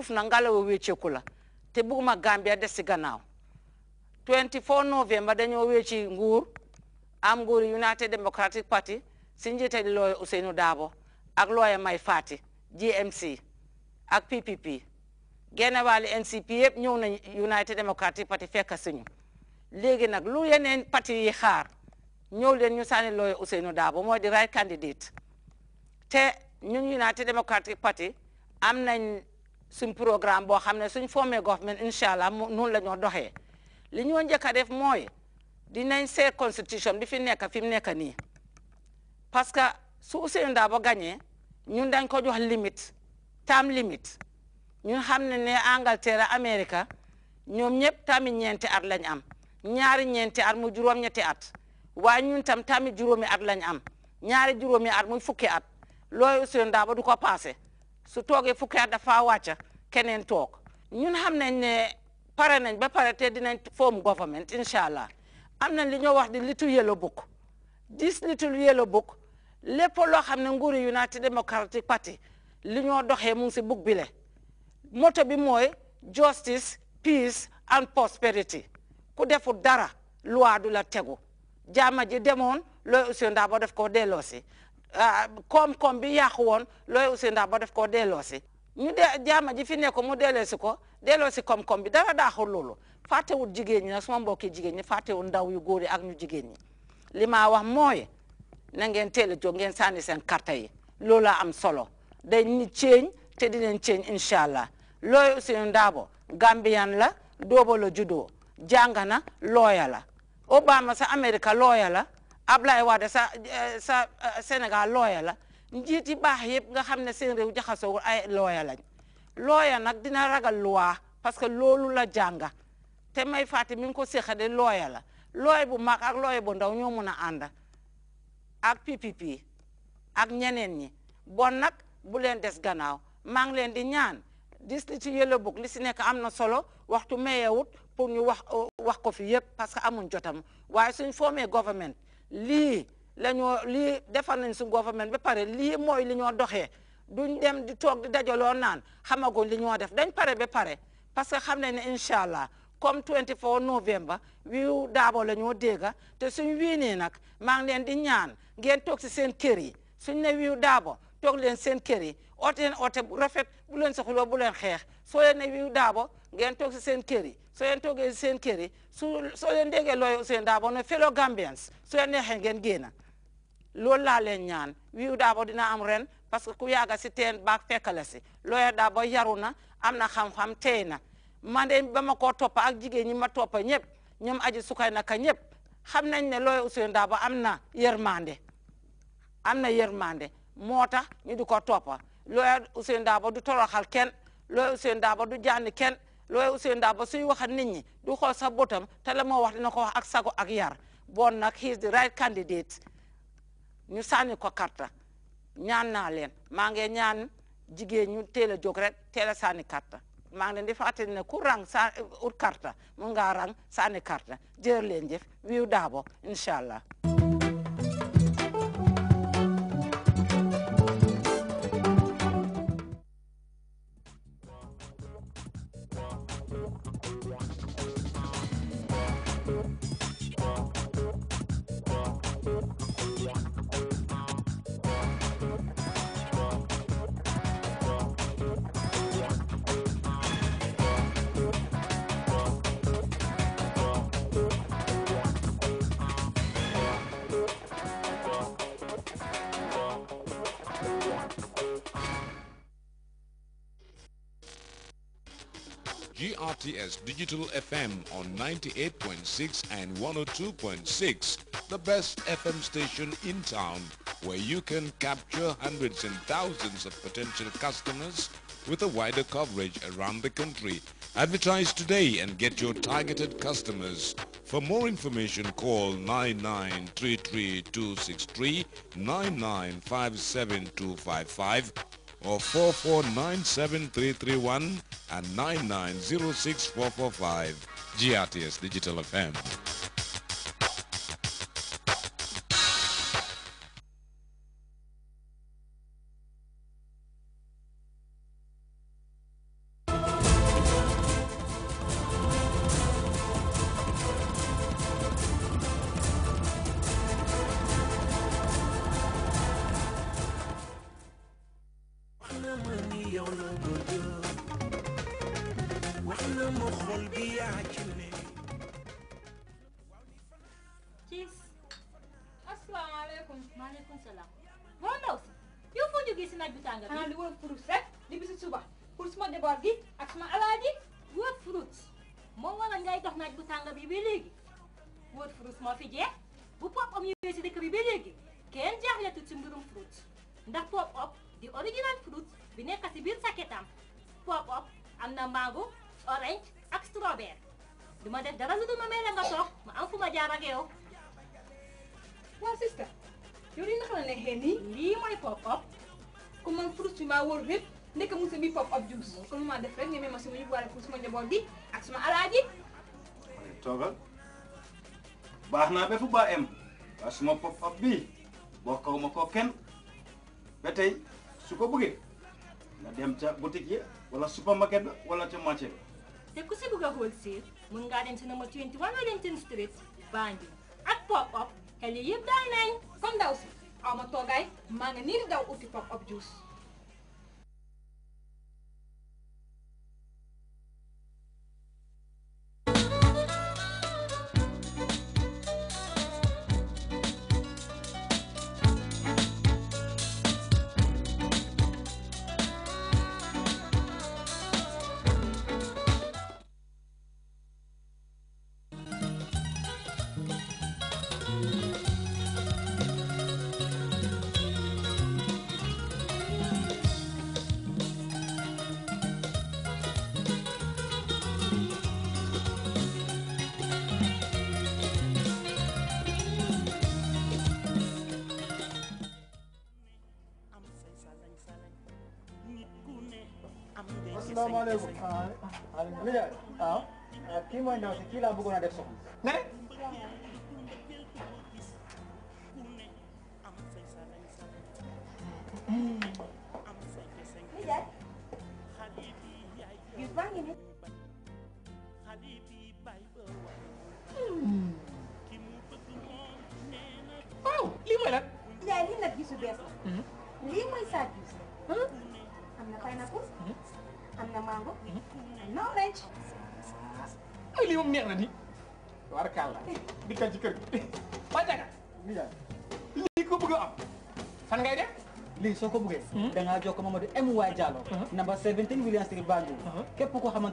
kufuna ngalo wiwicikula tibuguma gambia desiganawo 24 november dañoo wecci nguur am nguur united democratic party si njiitali looya Daabo ak looya May Fati GMC ak PPP genn wàllu NCP yëpp ñëw nañ United Democratic Party fekk suñu léegi nag lu yeneen parti yi xaar ñëw leen ñu sànni looya Ousseynou Daabo mooy di right candidate te ñun United Democratic Party am nañ suñ programme boo xam ne suñ formé government incha allah mu noonu la ñoo doxee li ñoo njëkk a def mooy dinañ seet constitution di fi nekk fi mu nekk nii parce que su Ousainou Darboe gagné ñun dañ ko jox limite tam limite ñun xam ne ne Angleterre Amérique ñoom ñëpp tamit ñeenti at lañ am ñaari ñeenti at mu juróom-ñetti at waa ñun tam tamit juróomi at lañ am ñaari juróomi at mu fukki at looy Ousainou Darboe du ko passé su toogee fukki at dafa wàcca keneen toog ñun xam nañ ne pare nañ ba pare te dinañ form government incha allah am nañ li ñoo wax di little yellow book this little yellow book lépp loo xam ne nguuri United Democratic Party li ñoo doxee mu ngi si book bi le moto bi mooy justice peace and prosperity ku deful dara loi du la tegu jaama ji demoon looy Ousainou Darboe def koo delloosi ah, koom-koom bi yàqu woon looy Ousainou Darboe def koo delloosi ñu de jaama ji fi nekko mu delloo si ko delloo si koom bi dara daaxul loolu fàttewul jigéen ñi nag suma mbokki jigéen ñi fàttewul ndaw yu góor yi ak ñu jigéen ñi li maa wax mooy na ngeen teel a jóg ngeen sànni seen karta yi loolaa am solo day nit ceeñ te dinañ ceeñ incha allah looy Ousainou Darboe la Dóoba la juddoo jàng na looya la Obama sa Amérique looya la Ablaye Wade sa eh, sa eh, Sénégal looya la njiit yi baax yëpp nga xam ne seen réew jaxasoowul ay looya lañ looya nag dina ragal loi parce que loolu la jànga te may fàtte mi ngi ko séqade looya la looy bu mag ak looy bu ndaw ñoo mun a ànd ak PPP ak ñeneen ñi bon nag bu leen des gannaaw maa ngi leen di ñaan dis li ci yellow book li si nekk am na solo waxtu mayewut pour ñu wax wax ko fi yëpp parce que amuñ jotam waaye suñ formé government lii la ñoo lii defar nañ suñu gouvernement ba pare lii mooy li ñoo doxee duñ dem di toog di dajaloo naan xamaguñ li ñoo def dañ pare ba pare parce que xam nañ ne incha allah comme 24 novembre wiiw daabo la ñoo dégga te suñ wiinee nag maa ngi leen di ñaan ngeen toog si seen kër yi suñ ne wiiw daabo toog leen seen kër yi oote leen oote bu rafet bu leen soxloo bu leen xeex soo leen ne wiiw daabo ngeen toog si seen kër yi soo leen toogee si seen kër yi su soo leen déggee looy seen daabo ne fellow Gambians soo leen neexee ngeen génn loolu laa leen ñaan wiiw daabo dina am ren parce que ku yàgga si teen baag fekkale si looya daabo yaru na am na xam-xam tey na man ba ma koo toppa ak jigéen ñi ma toppa ñëpp ñoom aji sukay naka ñëpp xam nañ ne looya Ousainou Darboe am na yërmande am na yërmande moo tax ñu di ko toppa looya Ousainou du toroxal kenn looya Ousainou Darboe du jànni kenn looya Ousainou Darboe si wax nit ñi du xool sa botam te la moo wax dina ko wax ak sago ak yar bon nag he is right candidate ñu sànni ko karta ñaan naa leen maa ngi ñaan jigéen ñu teel a jóg rek teel a sànni karta maa ngi leen di fàttali ne ku rang sa ut karta mun ngaa rang sànni karta jërë leen jëf wiiw daabo incha allah GRTS Digital FM on 98.6 and 102.6, the best FM station in town where you can capture hundreds and thousands of potential customers with a wider coverage around the country. Advertise today and get your targeted customers. For more information, call 9933263, 9957255 or 4497331 and 9906445. GRTS Digital FM. Chief, assalamu alaikum. Maaleykum salaam. Moo You si, juga foo jógee si naaj bu tànga bi. Xanaa li bisu suba fruits moom wala ngay dox naaj bu tànga bi fruits moo fi jeex bu pop om ñëwee si dëkk bi ba léegi fruits ndax pop op di original fruits bineka nekk si biir saketam pop op am mango orange ak strawberry duma def dara lu dul ma may la nga toog ma am fu jaar ak yow waa sister yow li naka la neexee nii pop up ku man fruit bi maa wóor yëpp nekk mu bi pop up juice moom comme ma def rek ñeme ma si ma yóbbuwaale pour suma njaboot bi ak suma alaaji toogal baax naa bépp ba em waa suma pop up bi bokkaw ma ko kenn ba tey su ko bëggee nga dem ca boutique yi ya, wala supermarket ba wala ca marché te ku si bëgg a wholesale mun ngaa dem si numéro 21 Wellington Street Banjul ak pop up te lii yëpp daal nañ comme daw si aw ma toogaay maa ngi nii di daw uti pop up juice Assalamualaikum. Ha, bila? Ha. Kim mau nak sekila bukan ada sok. Ne? lii moom neex na ni. warkaal la di kan ci kër gi. waa Ndiaga. lii ko bëgg am. fan ngay Mamadou Diallo. number 17 William Street Banjul. Hmm? képp koo xamante